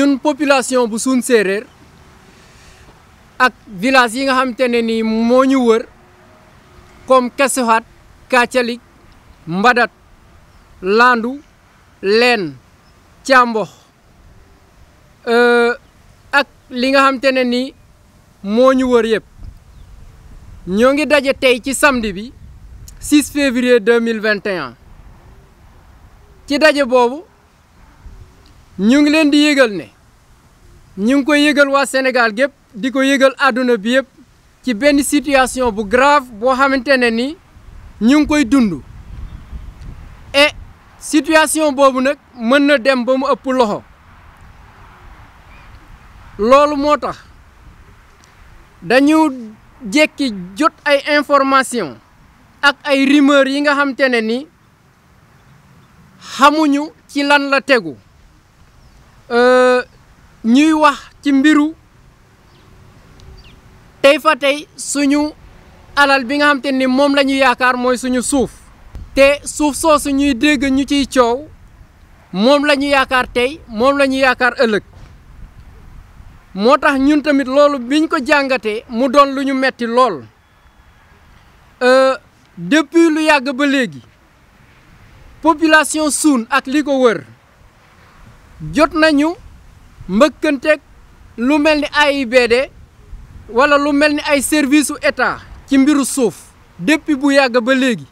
ñun population bu suun ak village yi nga xamante ne nii moo ñu wër comme Mbadat Landu len, Càmbox euh, ak li nga xamante ne nii ñu wër ngi daje tey ci samedi bi 6 février 2021 ci daje boobu ñu ngi leen di ñing koy yëgal wa Sénégal gep di ko yëgal àdduna bi yëpp ci benn situation bu grave bo xamante ni ñing koy dund et situation bobu nak mën na dem ba mu ëpp loxo loolu moo dañu jekki jot ay information ak ay rumeur yi nga xamante ni xamuñu ci lan la tegu ñuy wax ci mbiru tey fa tey suñu alal bi nga xam ni moom la yaakaar mooy suñu suuf te suuf soosu ñuy dégg ñu ciy coow moom lañu yaakaar tey moom la yaakaar ëllëg moo tax ñun tamit loolu biñ ko jàngatee mu doon lu ñu metti lool euh, depuis lu yàgg ba léegi population Suun ak li ko wër jot nañu mbëkkanteeg lu mel ni AIBD wala lu mel ni ay service su état ci mbiru suuf depuis bu yàgg ba léegi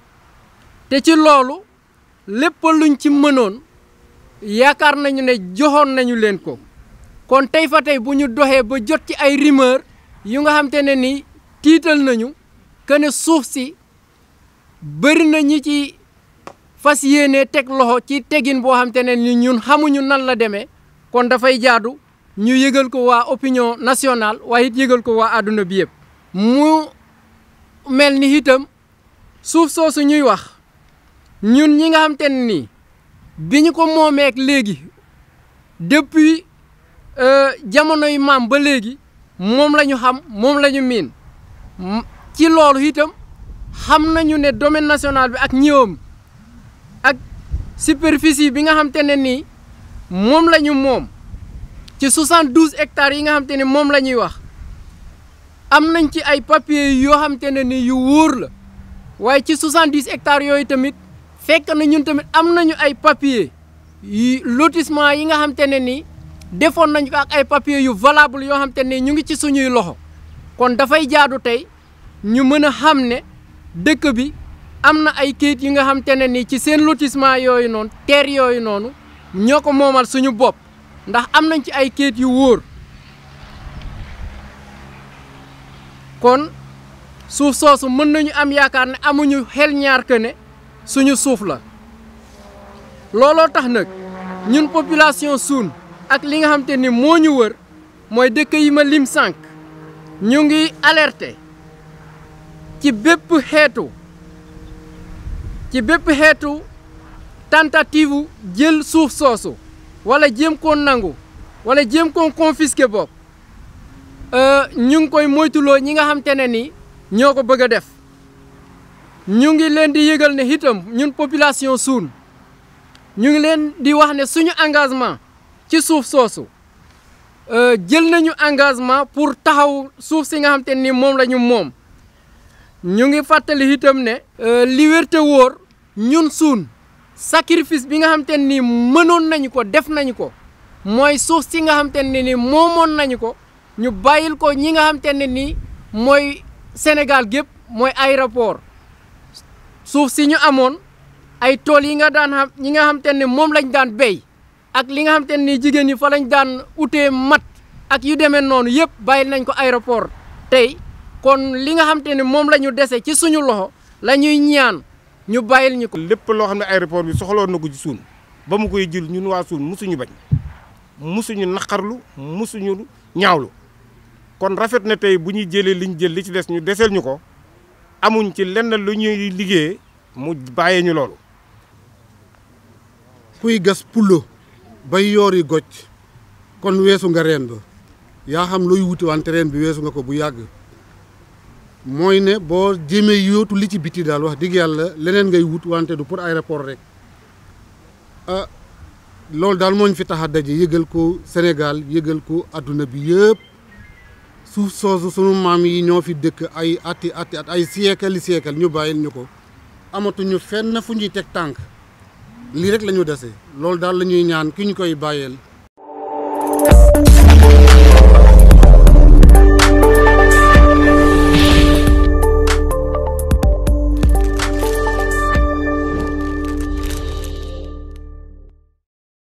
te ci loolu lépp luñ ci mënoon yaakaar nañu ne joxoon nañu leen ko kon tey fa tey bu ñu doxee ba jot ci ay rumeur yu nga xam te ne nii tiital nañu que ne suuf si bëri na ñi ci fas yéene teg loxo ci tegin boo xam te ne ni ñun xamuñu nan la demee kon dafay jaadu ñu yëgal ko waa opinion nationale waaye it yëgal ko waa àdduna bi yëpp mu mel ni itam suuf soosu ñuy wax ñun ñi nga xam te ne bi ñu ko moomeek léegi depuis euh, jamonoy maam ba léegi moom la ñu xam moom la ñu miin ci loolu itam xam nañu ne domaine national bi ak ñëwam ak superficie bi nga xam te ne nii moom la ñu moom ci 72 hectares yi nga xam te ne moom la ñuy wax am nañ ci ay papiers yoo xam te ne ni yu wóor la waaye ci 70 hectares yooyu tamit fekk na ñun tamit am nañu ay papiers yi lotissement yi nga xam te ne ni defoon nañ ko ak ay papiers yu valable yoo xam te ne ñu ngi ci suñuy loxo kon dafay jaadu tey ñu mën a xam ne dëkk bi am na ay kayit yi nga xam te ne ni ci seen lotissement yooyu noonu terre yooyu noonu ñoo ko moomal suñu bopp ndax am nañ ci ay kayit yu wóor kon suuf soosu mën nañu am yaakaar ne amuñu xel ñaar que suñu suuf la looloo tax nag ñun population suun ak li nga xam te ni moo ñu wër mooy dëkk yi ma lim sànk ñu ngi alerte ci bépp xeetu ci bépp xeetu tentative wu jël suuf soosu wala jéem koo nangu wala jéem koo confisqué bopp euh, ñu ngi koy moytuloo ñi nga xam te ne ni ñoo ko bëgg a def ñu ngi leen di yëgal ne itam ñun population suun ñu ngi leen di wax ne suñu engagement ci suuf soosu euh, jël nañu engagement pour taxaw suuf si nga xam te ni moom lañu moom ñu ngi fàttali itam ne euh, li wérte wóor ñun suun sacrifice bi nga xam te ni mënoon nañu ko def nañu ko mooy suuf si nga xam te ne ni moomoon nañu ko ñu bàyyil ko ñi nga xam te ne ni mooy Sénégal gépp mooy aéroport suuf si ñu amoon ay tool yi nga daan xam ñi nga xam te ne moom lañ daan béy ak li nga xam te ni jigéen ñi fa lañ daan utee mat ak yu demee noonu yëpp bàyyil nañ ko aéroport tey kon li nga xam te ne moom lañu dese ci suñu loxo la ñuy ñaan ñu bàyyil ñu ko. lépp loo xam ne aéroport bi soxaloon na ko ci suun ba mu koy jël ñun waa suun musuñu bañ musuñu naqarlu musuñu ñaawlu kon rafet na tey bu ñu jëlee liñ jël li ci des ñu deseel ñu ko amuñ ci lenn lu ñuy liggéeyee mu bàyyee ñu loolu. kuy gas pullo bay yoori goj kon weesu nga reen ba yaa xam looy wuti wante reen bi weesu nga ko bu yàgg. mooy ne boo jéemee yootu li ci biti daal wax dëgg yàlla leneen ngay wut wante du pour aéroport rek ah loolu daal moo fi tax a daje yëgal ko Sénégal yëgal ko àdduna bi yëpp suuf soosu sunu maam yi ñoo fi dëkk ay ati ati ay siècle siècle ñu bàyyil ñu ko amatuñu fenn fu ñuy teg tànk lii rek la ñu dese loolu daal la ñuy ñaan ki ñu koy bàyyeel